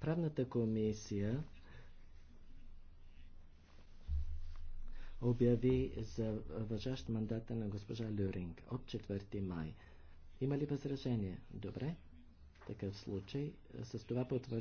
Правната комисия обяви за въжащ мандата на госпожа Люринг от 4 май. Има ли възражение? Добре. В такъв случай с това потвърждаваме.